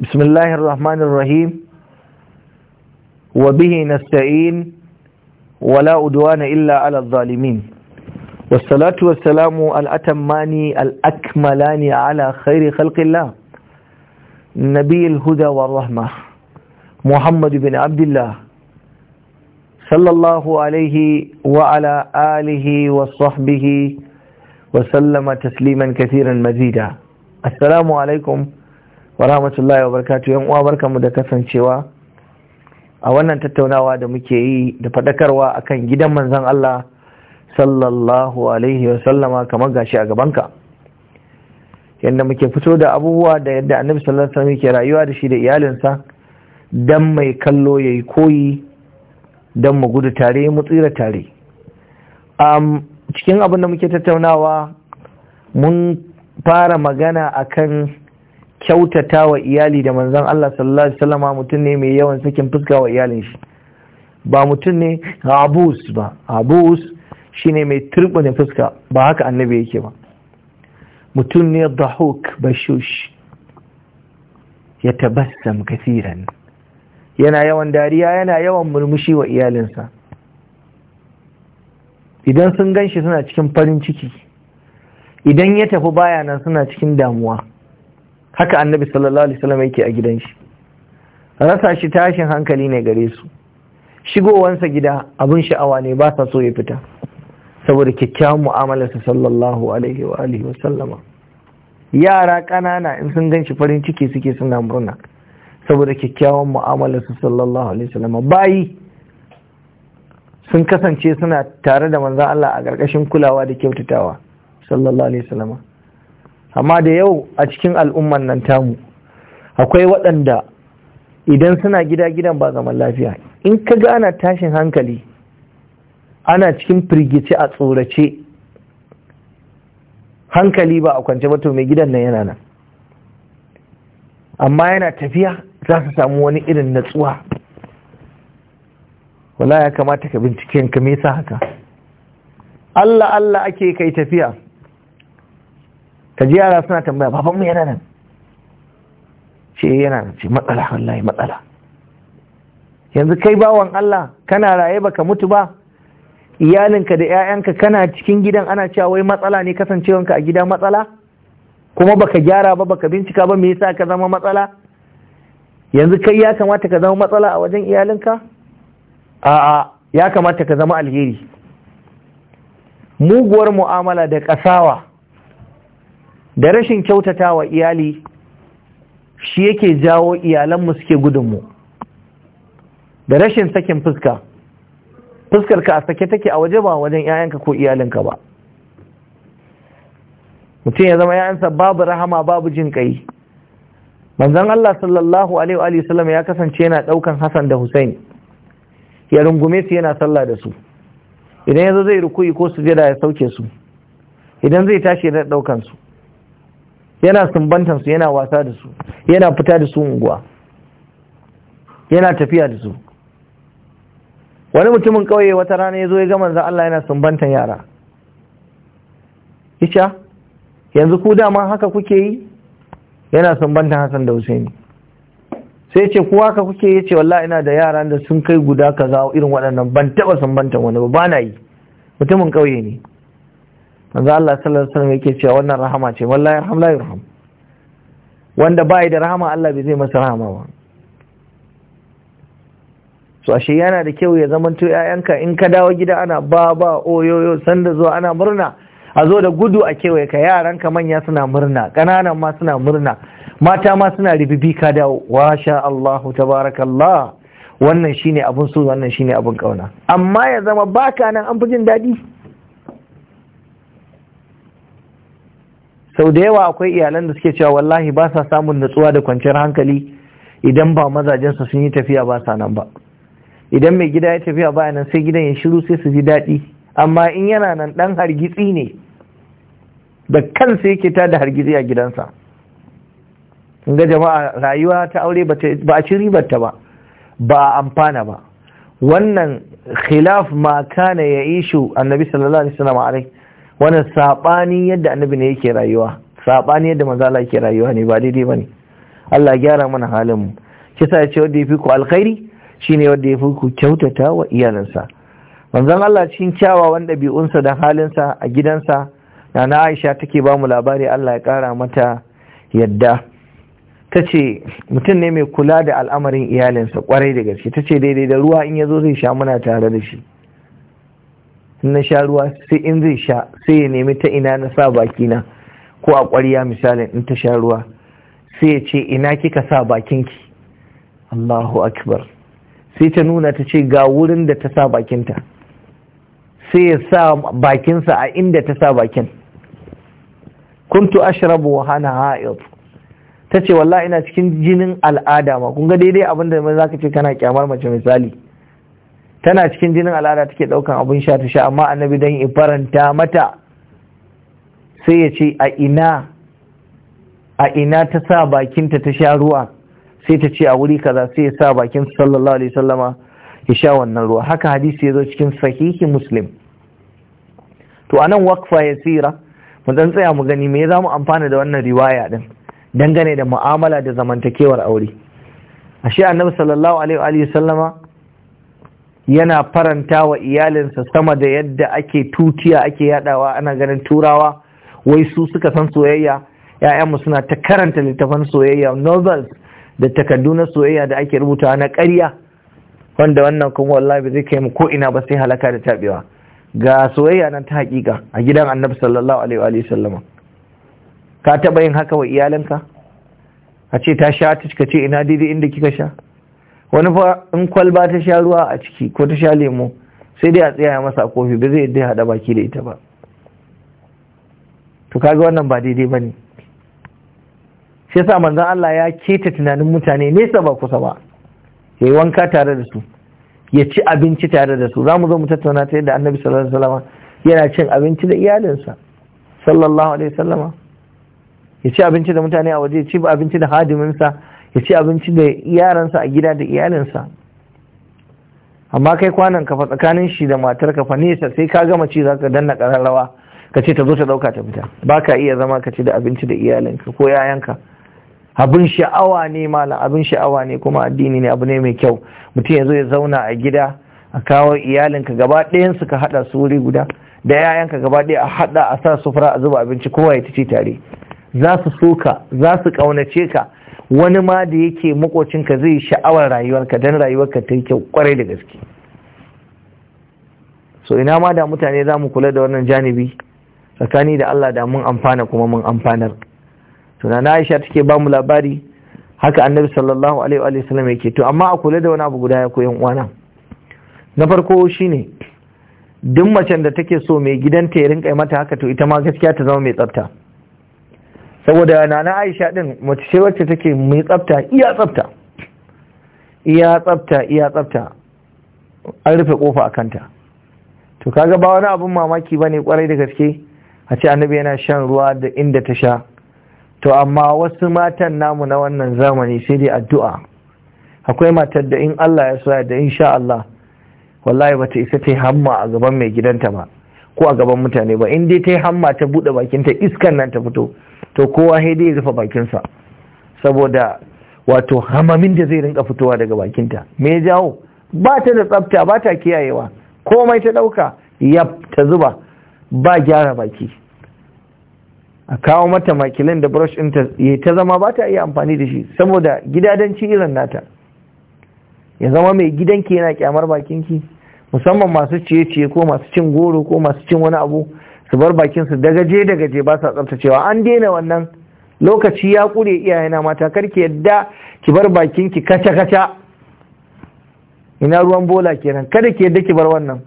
بسم الله الرحمن الرحيم وبه نستعين ولا أدوان إلا على الظالمين والصلاة والسلام الأتمان الأكملان على خير خلق الله نبي الهدى والرحمة محمد بن عبد الله صلى الله عليه وعلى آله وصحبه وسلم تسليما كثيرا مزيدا السلام عليكم wa rahmatullahi wa yan uwa barkamu da kasancewa a wannan tattaunawa da muke yi da fadakarwa akan gidan manzon Allah sallallahu alaihi wa sallama kamar gashi a gabanka yadda muke fito da abubuwa da yadda annabi sallallahu alaihi wasallam yake rayuwa da shi da iyalinsa dan mai kallo yayi koyi dan mu gudu tare mu tsira tare um, cikin abin da muke tattaunawa mun fara magana akan kyautata wa iyali da manzan Allah sallallahu alaihi wasallam mutum ne mai yawan sakin fuska wa iyalin shi ba mutum ne abus ba abus ne mai turbin fuska ba haka annabi yake ba mutum ne dahuk bashush ya tabassam kasiran yana yawan dariya yana yawan murmushi wa iyalinsa idan sun ganshi suna cikin farin ciki idan ya tafi bayanan suna cikin damuwa haka annabi sallallahu alaihi wasallam yake a gidan shi rasa shi tashin hankali ne gare su shigowansa gida abin sha'awa ne ba sa so ya fita saboda kyakkyawan sa sallallahu alaihi wa alihi wa sallama yara ƙanana in sun ganshi farin ciki suke suna murna saboda kyakkyawan sa sallallahu alaihi wa sallama bayi sun kasance suna tare da manzon Allah a ƙarƙashin kulawa da kyautatawa sallallahu alaihi wa sallama amma da yau a cikin al'umman nan tamu akwai waɗanda idan suna gida gidan ba zaman lafiya in ka ga ana tashin hankali ana cikin firgice a tsorace hankali ba a kwance ba to mai gidan nan yana nan amma yana tafiya za su samu wani irin natsuwa wala ya kamata ka binciken ka me haka Allah Allah ake kai tafiya ka ji yara suna tambaya baban mu yana nan ce yana nan ce matsala wallahi matsala yanzu kai bawan Allah kana raye baka mutu ba iyalinka da 'ya'yanka kana cikin gidan ana cewa wai matsala ne kasancewanka a gida matsala kuma baka gyara ba baka bincika ba me yasa ka zama matsala yanzu kai ya kamata ka zama matsala a wajen iyalinka a'a ya kamata ka zama alheri muguwar mu'amala da kasawa da rashin kyautata wa iyali shi yake jawo iyalanmu suke gudunmu da rashin sakin fuska fuskar ka a sake take a waje ba wajen 'ya'yanka ko iyalinka ba mutum ya zama 'ya'yansa babu rahama babu jin kai manzon Allah sallallahu alaihi wa sallam ya kasance yana daukan Hassan da Hussein ya rungume su yana sallah da su idan yazo zai rukuyi ko sujada ya sauke su idan zai tashi da daukan su yana sumbantan su yana wasa da su yana fita da su unguwa yana tafiya da su wani mutumin kauye wata rana ya zo ya ga za Allah yana sumbantan yara isha yanzu ku dama haka kuke yi yana sumbantan Hassan da Husaini sai ce kuwa haka kuke yace wallahi ina da yara da sun kai guda kaza irin waɗannan ban taba sumbantan wani ba na yi mutumin kauye ne manzo Allah sallallahu alaihi wasallam yake cewa wannan rahama ce wallahi yarham la yarham wanda bai da rahama Allah bai zai masa rahama ba so ashe yana da kyau ya zamanto ƴaƴanka in ka dawo gida ana ba ba oyoyo sanda zuwa ana murna a zo da gudu a kewaye ka yaranka manya suna murna ƙananan ma suna murna mata ma suna ribibi ka dawo wa sha Allah tabarakallah wannan shine abun so wannan shine abun kauna amma ya zama baka nan an fi jin daɗi sau da yawa akwai iyalan da suke cewa wallahi ba sa samun natsuwa da kwanciyar hankali idan ba mazajensu sun yi tafiya ba sa nan ba idan mai gida ya tafiya ba nan sai gidan ya shiru sai su ji daɗi amma in yana nan ɗan hargitsi ne da kansa yake ta da hargitsi a gidansa ga jama'a rayuwa ta aure ba a ci ribarta ba ba a amfana ba wannan khilaf ma kana ya ishu annabi sallallahu alaihi wasallam alaihi wannan sabanin yadda annabi ne yake rayuwa sabanin yadda manzo Allah yake rayuwa ne ba daidai bane Allah ya gyara mana halin mu kisa ya ce wanda yafi ku alkhairi shine wanda yafi ku kyautata wa iyalansa manzon Allah cikin kyawawan ɗabi'unsa da halinsa a gidansa Nana Aisha take ba mu labari Allah ya kara mata yadda ta ce mutum ne mai kula da al'amarin iyalinsa kwarai da gaske tace ce daidai da ruwa in ya zo zai sha muna tare da shi na sha ruwa sai in zai sha sai ya nemi ta ina na sa baki ko a ƙwarya misalin in ta sha ruwa sai ya ce ina kika sa bakinki Allahu akbar sai ta nuna ta ce ga wurin da ta sa bakinta sai ya sa bakinsa a inda ta sa bakin kuntu ashrabu wa hana ha'id ta ce wallahi ina cikin jinin al'ada ma kun ga daidai abinda mai zaka ce kana kyamar mace misali tana cikin jinin al'ada take daukan abin sha ta sha amma annabi dan in faranta mata sai ya ce a ina a ina ta sa bakinta ta sha ruwa sai ta ce a wuri kaza sai ya sa bakin sallallahu alaihi sallama ya sha wannan ruwa haka hadisi ya zo cikin sahihi muslim to anan wakfa ya tsira mu dan tsaya mu gani me za mu amfana da wannan riwaya din dangane da mu'amala da zamantakewar aure ashe annabi sallallahu alaihi wa sallama yana faranta wa iyalinsa sama da yadda ake tutiya ake yadawa ana ganin turawa wai su suka san soyayya ‘ya'yanmu suna ta karanta littafan soyayya novels da takardu na soyayya da ake rubutawa na ƙarya wanda wannan kuma wallahi zai kai mu ko ina ba sai halaka da tabewa ga soyayya nan ta hakika a gidan annabi sallallahu alaihi wa sallam ka taba yin haka wa iyalinka a ce ta sha ta ce ina daidai inda kika sha wani fa in kwalba ta sha ruwa a ciki ko ta sha lemo sai dai a tsaya masa kofi ba zai ya hada baki da ita ba to kaga wannan ba daidai ba ne shi yasa manzon Allah ya keta tunanin mutane nesa ba kusa ba yayi wanka tare da su ya ci abinci tare da su zamu zo mu tattauna ta yadda Annabi sallallahu alaihi wasallam yana cin abinci da iyalinsa sallallahu alaihi sallama. ya ci abinci da mutane a waje ya ci abinci da hadiminsa ya ci abinci da yaransa a gida da iyalinsa amma kai kwanan kafa tsakanin shi da matar kafa nesa sai ka gama ci za ka danna ƙararrawa ka ce ta zo ta ɗauka ta fita ba ka iya zama ka ci da abinci da iyalinka ko yayanka abin sha'awa ne malam abin sha'awa ne kuma addini ne abu ne mai kyau mutum ya zo ya zauna a gida a kawo iyalinka gaba ɗayan ka haɗa su wuri guda da yayanka gaba ɗaya a haɗa a sa sufura a zuba abinci kowa ya ci tare za su so ka za su ƙaunace ka wani ma da yake makocinka zai sha'awar rayuwarka don rayuwarka ta yi kyau kwarai da gaske so ina ma da mutane za mu kula da wannan janibi tsakani da Allah da mun amfana kuma mun amfanar tuna na Aisha take ba mu labari haka annabi sallallahu alaihi wa sallam yake to amma a kula da wani abu guda ya koyan uwana na farko shine duk macen da take so mai gidanta ya rinka mata haka to ita ma gaskiya ta zama mai tsafta saboda nana aisha din mace ce wacce take mai tsafta iya tsafta iya tsafta iya tsafta an rufe kofa a kanta to kaga ba wani abun mamaki ba ne kwarai da gaske a ce annabi yana shan ruwa da inda ta sha to amma wasu matan namu na wannan zamani sai dai addu'a akwai matar da in Allah ya so da insha Allah wallahi bata isa ta yi hamma a gaban mai gidanta ba ko a gaban mutane ba in dai ta hamma ta bude bakin ta iskan nan ta fito to kowa sai ya rufe bakinsa saboda wato hamamin da zai rinka fitowa daga bakinta me ya jawo ba ta da tsafta ba ta kiyayewa komai ta ɗauka ya ta zuba ba gyara baki a kawo mata makilin da brush ta ya ta zama ba ta iya amfani da shi saboda gidadanci irin nata ya zama mai gidanki yana kyamar bakinki musamman masu ciye-ciye ko masu cin goro ko masu cin wani abu su bar bakin su dagaje dagaje ba sa tsaftacewa an daina wannan lokaci ya kure iyayena mata karki yadda ki bar bakin ki kaca kaca ina ruwan bola kenan kada ki yadda ki bar wannan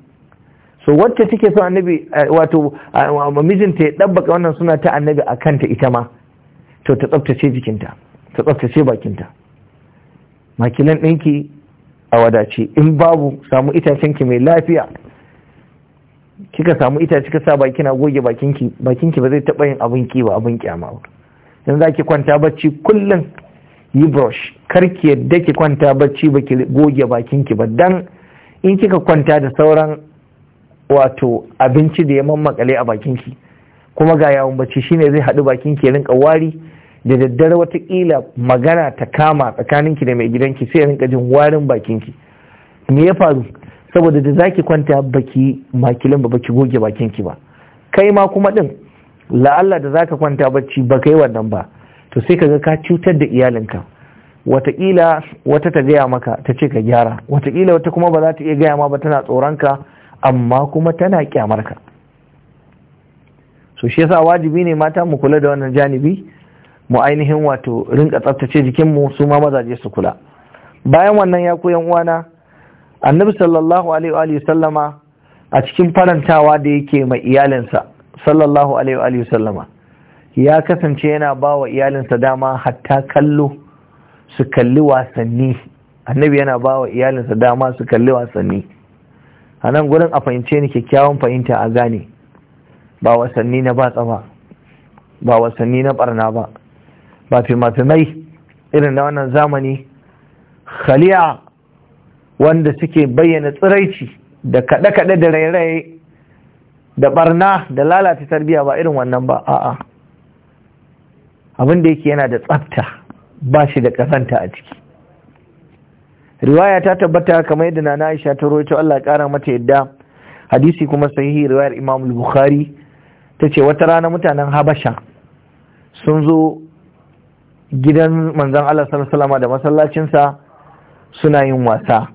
so wacce take so annabi eh, wato eh, mijinta ya dabbaka wannan suna ta annabi a kanta ita ma to ta tsaftace jikinta ta tsaftace bakinta makilan ɗinki a wadace in babu samu itacenki mai lafiya kika samu ita kika sa baki na goge bakinki bakinki ba zai taba yin abin ki ba abin kyama ba yanzu zaki kwanta bacci kullum yi brush kar ki yadda ki kwanta bacci ba ki goge bakinki ba dan in kika kwanta da sauran wato abinci da ya mammakale a bakinki kuma ga yawon bacci shine zai haɗu bakinki ya rinka wari da daddare watakila magana ta kama tsakaninki da mai gidanki sai ya rinka jin warin bakinki me ya faru saboda da zaki kwanta baki makilin ba baki goge bakin ki ba kai ma kuma din la'alla da zaka kwanta bacci ba kai wannan ba to sai ga ka cutar da iyalinka wataƙila wata ta gaya maka ta ce ka gyara watakila wata kuma ba za ta iya gaya ma ba tana tsoron ka amma kuma tana kyamarka so shi yasa wajibi ne mata mu kula da wannan janibi mu ainihin wato rinka tsaftace jikinmu su ma mazaje su kula bayan wannan ya koyan uwana annabi sallallahu alaihi sallama a cikin farantawa da yake ma iyalinsa sallallahu alaihi sallama ya kasance yana ba wa iyalinsa dama hatta kallo su kalli wasanni annabi yana ba wa iyalinsa dama su kalli wasanni a nan gudun a fahimce ni kyakkyawan fahimta a gane ba wasanni na batsa ba ba wasanni na barna ba ba mai irin na wannan zamani khali'a wanda suke bayyana tsiraici da kaɗe-kaɗe da rairaye da barna da lalata tarbiyya ba irin wannan ba a'a abin da yake yana da tsafta ba shi da ƙazanta a ciki riwaya ta tabbata kamar yadda nana Aisha ta rawaito Allah ƙara mata yadda hadisi kuma sahihi riwayar Imam al-Bukhari ce, wata rana mutanen Habasha sun zo gidan manzan Allah sallallahu alaihi wasallam da masallacinsa suna yin wasa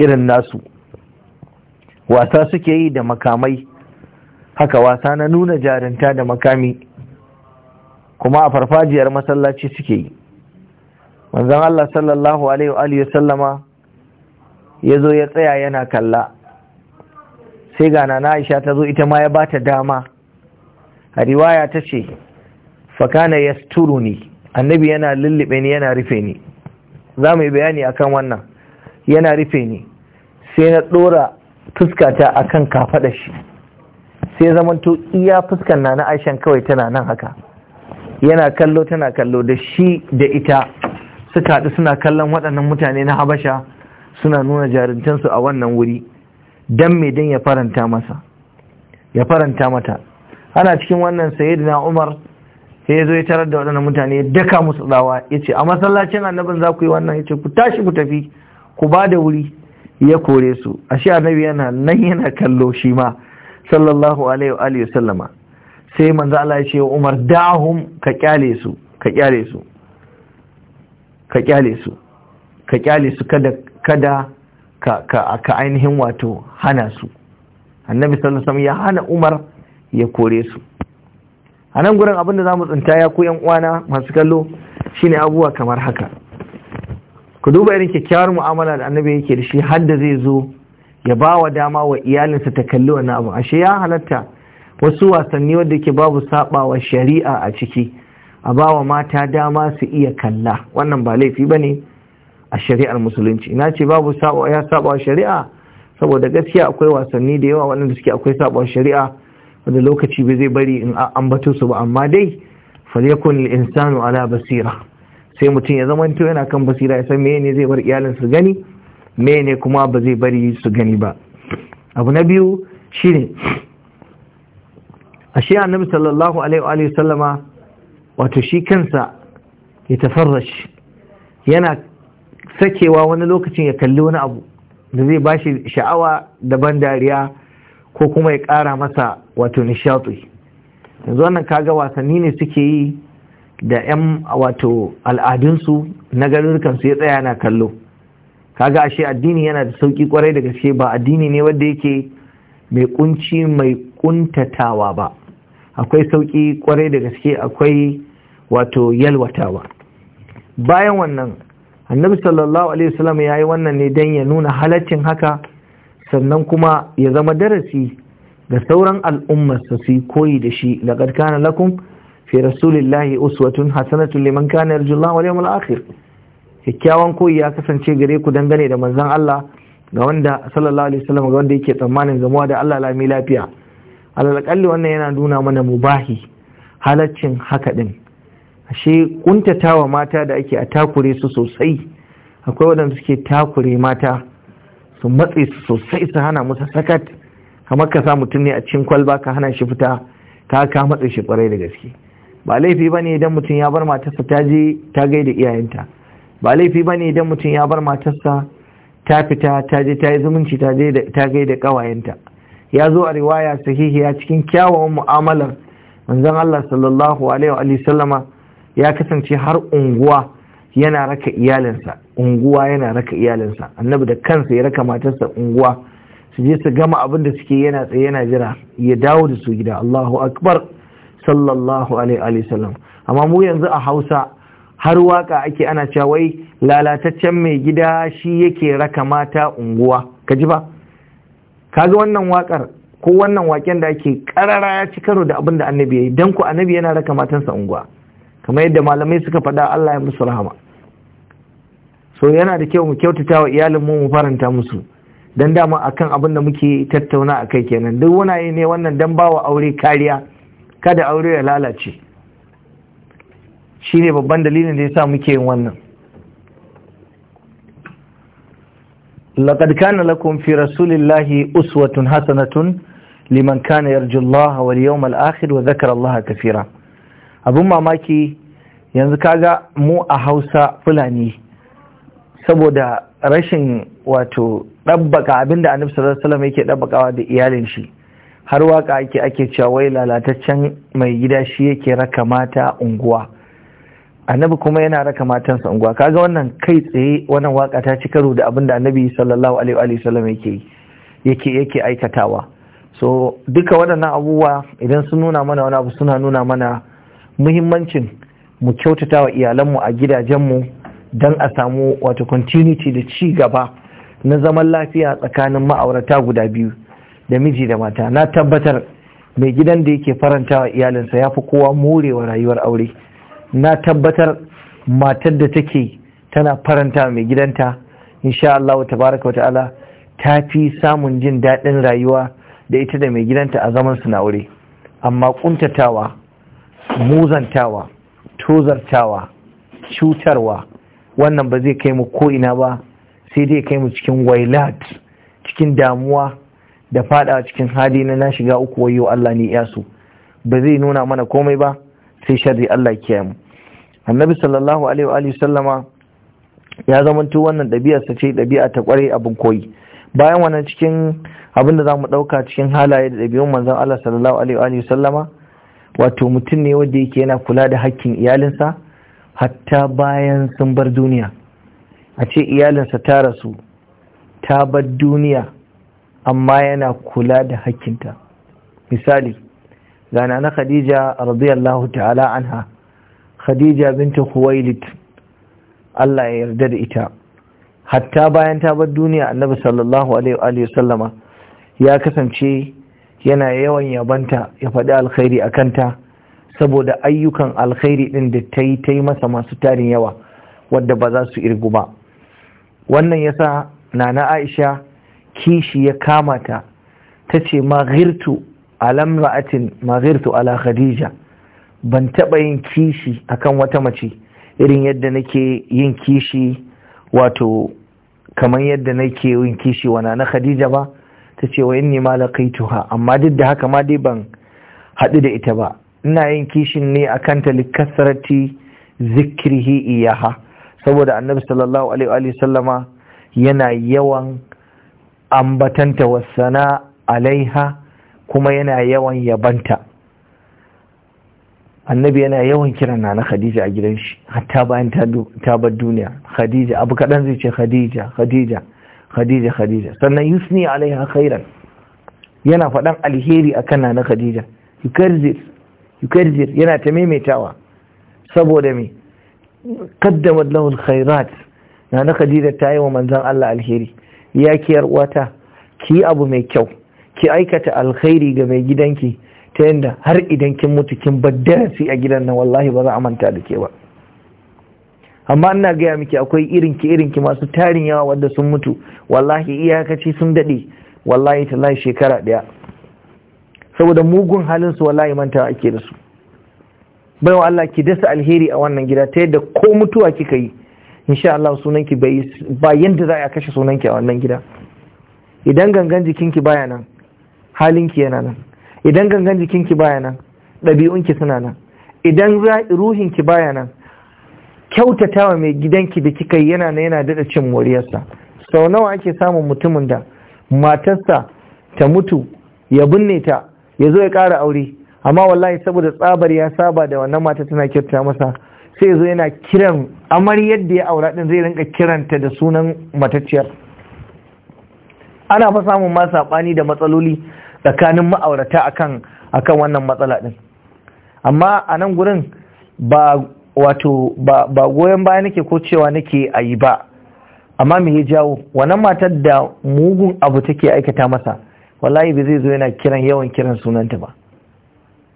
irin nasu wasa suke yi da makamai haka wasa na nuna jarinta da makami kuma a farfajiyar masallaci suke yi manzon Allah sallallahu alaihi wa sallama ya zo ya tsaya yana kalla sai Gana na Aisha ta zo ita ma ya bata dama a riwaya ta ce fakana ni. annabi yana lullube ni yana rufe ni za mu yi bayani akan wannan yana rufe ni sai na ɗora fuskata a kan kafaɗa shi sai zamanto iya fuskan na na aishan kawai tana nan haka yana kallo tana kallo da shi da ita suka haɗu suna kallon waɗannan mutane na habasha suna nuna jarintansu a wannan wuri don mai don ya faranta masa ya faranta mata ana cikin wannan sayyidina umar sai ya zo ya tarar da waɗannan mutane ya daka musu tsawa ya ce a masallacin annabin za ku yi wannan ya ce ku tashi ku tafi ku ba da wuri ya kore su ashe annabi yana nan yana kallo shi ma sallallahu alaihi wa alihi sallama sai manzo Allah ya ce wa Umar dahum ka kyale su ka kyale su ka kyale su ka kyale su kada kada ka ka ka ainihin wato hana su annabi sallallahu alaihi ya hana Umar ya kore su a nan gurin abinda mu tsinta ya ku yan uwana masu kallo shine abubuwa kamar haka ku duba irin kyakkyawar mu'amala da annabi yake da shi har da zai zo ya ba wa dama wa iyalinsa ta kalli wani abu ashe ya halatta wasu wasanni wadda ke babu sabawa shari'a a ciki a ba wa mata dama su iya kalla wannan ba laifi ba ne a shari'ar musulunci Ina ce babu ya wa shari'a saboda gaskiya akwai wasanni da yawa waɗanda suke akwai wa shari'a wanda lokaci bai zai bari in ambato su ba amma dai falyakun al-insanu ala basira sai mutum ya zama to yana kan basira ya san mene zai bar iyalin su gani mene kuma ba zai bari su gani ba abu na biyu shine ashe annabi sallallahu alaihi wa sallama wato shi kansa ya tafarrash yana sakewa wani lokacin ya kalli wani abu da zai ba shi sha'awa da ban dariya ko kuma ya ƙara masa wato nishaɗi yanzu wannan kaga wasanni ne suke yi da 'yan wato al'adunsu na garurukansu ya tsaya na kallo kaga ashe addini yana da sauki kwarai da gaske ba addini ne wanda yake mai kunci mai kuntatawa ba akwai sauƙi kwarai da gaske akwai wato yalwatawa bayan wannan annabi sallallahu alaihi wasallam ya yi wannan ne don ya nuna halaccin haka sannan kuma ya zama darasi ga sauran al'umma su koyi da shi laqad kana lakum fi rasulillahi uswatun hasanatun liman kana Allah wal yawmal akhir kyakkyawan koyi ya kasance gare ku dangane da manzon Allah ga wanda sallallahu alaihi wasallam ga wanda yake tsammanin zamuwa da Allah lami lafiya kalli wannan yana nuna mana mubahi halaccin haka din ashe kuntatawa mata da ake a takure su sosai akwai waɗanda suke takure mata su matsi su sosai su hana musu sakat kamar ka sa mutum ne a cikin kwalba ka hana shi fita ka ka matse shi kwarai da gaske ba laifi ba ne idan mutum ya bar matarsa ta je ta gaida iyayenta ba laifi ba ne idan mutum ya bar matarsa ta fita ta je ta yi zumunci ta gaida ƙawayenta ya zo a riwaya sahihiya cikin kyawawan mu'amalar manzon Allah sallallahu alaihi wa sallama ya kasance har unguwa yana raka iyalinsa unguwa yana raka iyalinsa annabi da kansa ya raka matarsa unguwa su je su gama abin da suke yana tsaye yana jira ya dawo da su gida Allahu akbar sallallahu alaihi sallam amma mu yanzu a Hausa har waka ake ana cewa wai lalataccen mai gida shi yake raka mata unguwa ka ji ba kaga wannan wakar ko wannan waken da ake karara ya ci karo da abin da annabi ya yi don ku annabi yana raka matansa unguwa kamar yadda malamai suka faɗa Allah ya musu rahama so yana da kyau mu kyautata wa iyalin mu mu faranta musu dan dama akan abin da muke tattauna akai kenan duk wani ne wannan dan bawa aure kariya kada aure ya lalace shine babban dalilin da ya sa muke yin wannan laqad kana lakum fi rasulillahi uswatun hasanatun liman kana yarjullaha wal yawmal akhir wa dhakara allaha kathira abun mamaki yanzu kaga mu a Hausa Fulani saboda rashin wato dabbaka abinda annabi sallallahu alaihi wasallam yake dabbakawa da iyalin shi har waka ake ake cewa wai lalataccen mai gida shi yake raka mata unguwa annabi kuma yana raka matansa unguwa kaga wannan kai tsaye wannan waka ta ci karo da abin da annabi sallallahu alaihi wa sallam yake yake yake aikatawa so duka waɗannan abubuwa idan sun nuna mana wani abu suna nuna mana muhimmancin mu kyautata wa iyalanmu a gidajenmu don a samu wato continuity da ci gaba na zaman lafiya tsakanin ma'aurata guda biyu da miji da mata na tabbatar mai gidan da yake faranta wa iyalinsa ya fi kowa morewa rayuwar aure na tabbatar matar da take tana faranta mai gidanta insha Allah wa tabaraka wa ta'ala ta fi samun jin daɗin rayuwa da ita da mai gidanta a zaman su na aure amma ƙuntatawa, muzantawa tozartawa cutarwa wannan ba zai kai mu ko ina ba sai dai kai mu cikin wailat cikin damuwa da fada cikin hali na na shiga uku wayo Allah ne ya so ba zai nuna mana komai ba sai sharri Allah kiyaye mu annabi sallallahu alaihi wa alihi sallama ya zamanto wannan ɗabi'ar sa ce dabi'a ta kware abin koyi bayan wannan cikin abin da zamu dauka cikin halaye da dabi'un manzon Allah sallallahu alaihi wa sallama wato mutum ne wanda yake yana kula da hakkin iyalinsa hatta bayan sun bar duniya a ce iyalinsa ta rasu ta bar duniya amma yana kula da hakkinta misali gana na khadija radiyallahu ta'ala anha khadija binta khuwailid Allah ya yarda da ita hatta bayan ta bar duniya annabi sallallahu alaihi ya kasance yana yawan yabanta ya faɗi alkhairi a kanta saboda ayyukan alkhairi ɗin da ta yi ta yi masa masu tarin yawa wadda ba za su irgu ba wannan yasa na aisha kishi ya kamata ta ce ma girtu alam ra'atin ma girtu ala khadija ban taɓa yin kishi akan wata mace irin yadda nake yin kishi wato kamar yadda nake yin kishi wana na khadija ba ta ce wa inni ma laqaituha amma duk da haka ma dai ban haɗu da ita ba ina yin kishin ne akan ta likasarati zikrihi iyaha saboda annabi sallallahu alaihi wa sallama yana yawan ambatanta wasana alaiha kuma yana yawan yabanta annabi yana yawan kiran Nana khadija a gidan shi hatta bayan ta bar duniya khadija abu kaɗan zai ce khadija khadija khadija khadija sannan yusni alaiha khairan yana faɗan alheri akan Nana khadija yukarzir yukarzir yana ta maimaitawa saboda me kaddamar lahul khairat nana khadija ta yi wa manzon Allah alheri ya kiyar uwata ki abu mai kyau ki aikata alkhairi ga mai gidanki ta yadda har idan kin mutu kin bar darasi a gidan nan wallahi ba za a manta da ke ba amma ina gaya miki akwai irinki irinki masu tarin yawa wadda sun mutu wallahi iyakaci sun daɗe wallahi ta lai shekara ɗaya saboda mugun halin su wallahi mantawa ake da su wa Allah ki dasa alheri a wannan gida ta yadda ko mutuwa kika yi insha Allah sunanki ba yanda za a kashe sunanki a wannan gida idan gangan jikinki baya nan halinki yana nan idan gangan jikinki baya nan ɗabi'unki suna nan idan ruhinki baya nan kyautatawa mai gidanki da kika yi yana nan yana daɗa cin moriyarsa sau nawa ake samun mutumin da matarsa ta mutu ya binne ta ya zo ya ƙara aure amma wallahi saboda tsabar ya saba da wannan mata tana kyauta masa sai zo yana kiran amaryar da ya aura din zai rinka kiranta da sunan matacciyar ana fa samun ma sabani da matsaloli tsakanin ma'aurata akan akan wannan matsala din amma a nan gurin ba wato ba goyon baya nake ko cewa nake ayi ba amma me ya jawo wannan matar da mugun abu take aikata masa wallahi ba zai zo yana kiran yawan kiran sunanta ba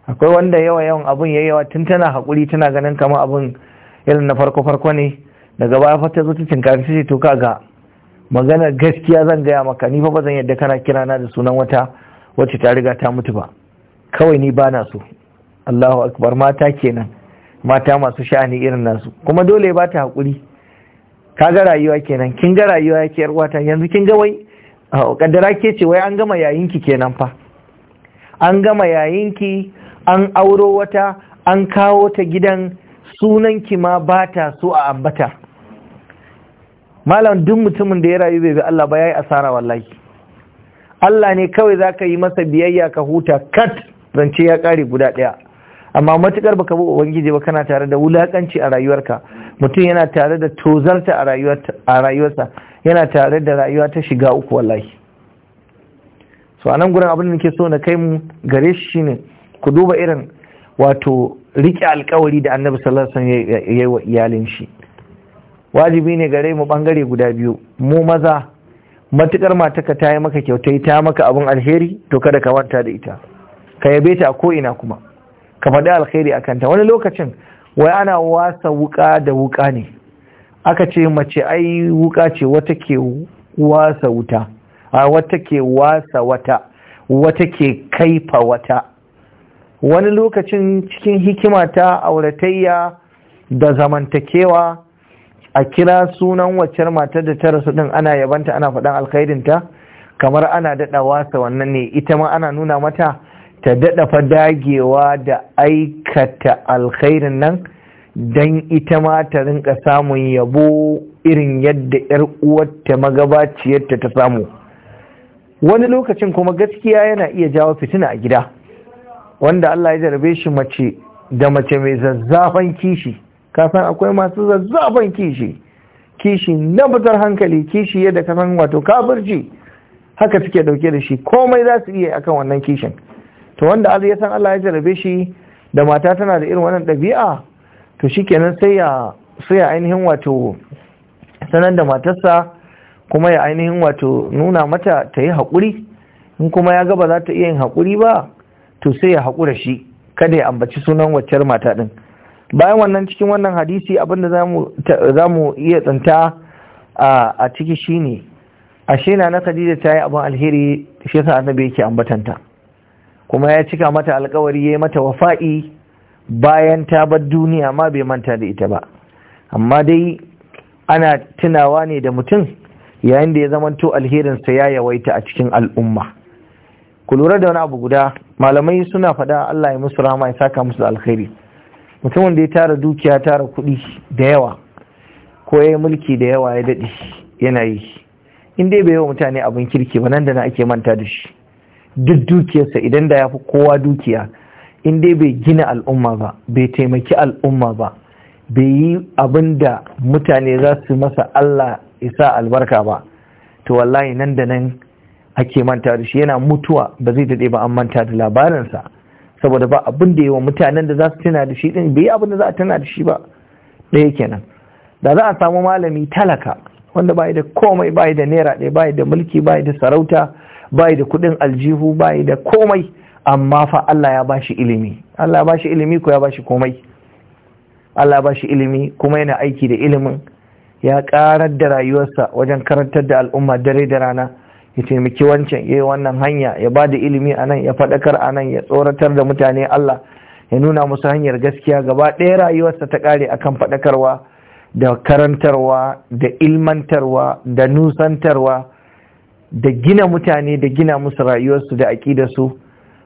akwai wanda yawa yawan abun ya yawa tun tana haƙuri tana ganin kamar abin irin na farko farko ne daga baya fa zo ta tinkari ce to ka ga magana gaskiya zan gaya maka ni fa ba zan yadda kana kira na da sunan wata wacce ta riga ta mutu ba kawai ni bana so Allahu akbar mata kenan mata masu sha'ani irin nasu kuma dole ba ta haƙuri ka ga rayuwa kenan kin ga rayuwa yake yar wata yanzu kin ga wai kaddara ke ce wai an gama yayinki kenan fa an gama yayinki an auro wata an kawo ta gidan sunanki ma ba ta so a ambata malam duk mutumin da ya rayu bai bi Allah ba yayi asara wallahi Allah ne kawai zaka yi masa biyayya ka huta kat zance ya kare guda ɗaya. amma matukar baka bi ubangiji ba kana tare da wulakanci a rayuwarka mutum yana tare da tozarta a rayuwarsa yana tare da rayuwa ta shiga uku wallahi so anan gurin abin da nake so na kai mu gare shi ne. ku duba irin wato riƙe alkawari da annabi sallallahu alaihi wasallam wa iyalin shi wajibi ne gare mu bangare guda biyu mu maza matukar mataka ta yi maka kyautai ta maka abin alheri to kada ka wanta da ita ka yabe ta ko ina kuma ka faɗi alheri a kanta wani lokacin wai ana wasa wuka da wuka ne aka ce mace ai wuka ce wata ke wasa wuta a wata ke wasa wata wata ke kaifa wata wani lokacin cikin hikima ta auratayya da zamantakewa a kira sunan waccar matar da ta rasu din ana yabanta ana faɗan alkhairinta kamar ana daɗa wasa wannan ne ita ma ana nuna mata ta daɗa fa dagewa da aikata alkhairin nan don ita ma ta rinka samun yabo irin yadda 'yar uwarta magabaciyarta ta samu wani lokacin kuma gaskiya yana iya jawo fitina a gida wanda Allah ya jarabe shi mace da mace mai zazzafan kishi kasan akwai masu zazzafan kishi kishi na fitar hankali kishi yadda kasan wato kafirci haka suke dauke da shi komai za su iya akan wannan kishin to wanda Allah ya san Allah ya jarabe shi da mata tana da irin wannan ɗabi'a to shikenan sai ya sai ya ainihin wato da matarsa kuma ya ainihin wato nuna mata ta yi haƙuri in kuma ya ga ba za ta iya yin haƙuri ba to sai ya haƙura shi kada ya ambaci sunan waccar mata ɗin bayan wannan cikin wannan hadisi abinda za mu iya tsinta a ciki shine ashe na na khadija ta yi abin alheri shi yasa annabi yake ambatanta kuma ya cika mata alkawari ya yi mata wafa'i bayan ta bar duniya ma bai manta da ita ba amma dai ana tunawa ne da mutum yayin da ya zamanto alherinsa ya yawaita a cikin al'umma ku lura da wani abu guda malamai suna faɗa Allah ya musu rama ya saka musu alkhairi mutumin da ya tara dukiya tara kuɗi da yawa ko ya yi mulki da yawa ya daɗe yana yi in dai bai yi wa mutane abin kirki ba nan da na ake manta da shi duk dukiyarsa idan da ya fi kowa dukiya in dai bai gina al'umma ba bai taimaki al'umma ba bai yi abin da mutane za su masa Allah ya sa albarka ba to wallahi nan da nan ake manta da shi yana mutuwa ba zai daɗe ba an manta da labarinsa saboda ba abin da yawa mutanen da za su tuna da shi ɗin bai abin da za a tuna da shi ba ɗaya kenan da za a samu malami talaka wanda bai da komai bai da naira ɗaya bai da mulki bai da sarauta bai da kuɗin aljihu bai da komai amma fa Allah ya bashi ilimi Allah ya bashi ilimi ko ya bashi komai Allah ya bashi ilimi kuma yana aiki da ilimin ya ƙarar da rayuwarsa wajen karantar da al'umma dare da rana ya taimaki wancan ya yi wannan hanya ya ba da ilimi a nan ya faɗakar a nan ya tsoratar da mutane Allah ya nuna musu hanyar gaskiya gaba ɗaya rayuwarsa ta ƙare a kan faɗakarwa da karantarwa da ilmantarwa da nusantarwa da gina mutane da gina musu rayuwarsu da aƙidarsu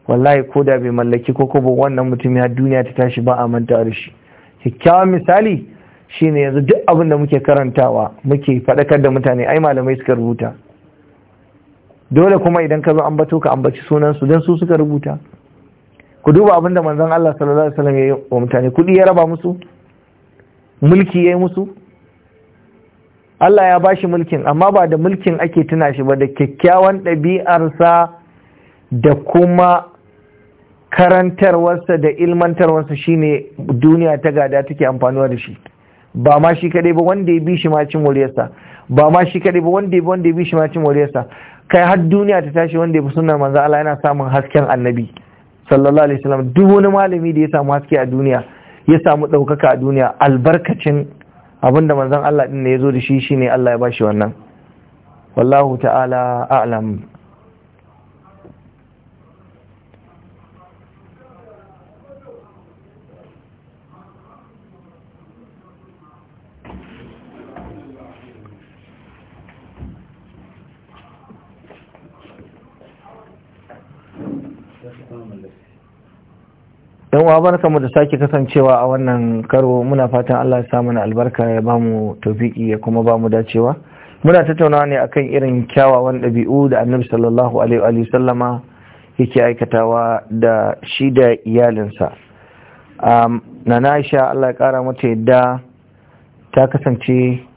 wallahi ko da bai mallaki ko kuma wannan mutum ya duniya ta tashi ba a manta da shi kyakkyawan misali shine yanzu duk abin da muke karantawa muke faɗakar da mutane ai malamai suka rubuta dole kuma idan ka zo bato ka ambaci sunan su dan su suka rubuta ku duba abin da manzon Allah sallallahu alaihi wasallam ya yi wa mutane kudi ya raba musu mulki ya yi musu Allah ya bashi mulkin amma ba da mulkin ake tuna shi ba da kyakkyawan ɗabi'arsa da kuma karantarwarsa da ilmantarwarsa shine duniya ta gada take amfanuwa da shi ba ma shi kadai ba wanda ya bi shi ma cin wuriyarsa ba ma shi kadai ba wanda ya bi wanda ya bi shi ma cin wuriyarsa kai har duniya ta tashi wanda ya fi sunnar manzo Allah yana samun hasken annabi sallallahu alaihi wasallam duk wani malami da ya samu haske a duniya ya samu ɗaukaka a duniya albarkacin abinda manzon Allah din ne ya zo da shi shine Allah ya bashi wannan wallahu ta'ala a'lam yan wa mu da sake kasancewa a wannan karo muna fatan Allah ya sa mana albarka ya ba mu tofiki ya kuma ba mu dacewa muna tattaunawa ne akan irin kyawawan ɗabi'u da Annabi sallallahu alaihi sallama yake aikatawa da shi da iyalinsa na na Aisha Allah ya kara mata yadda ta kasance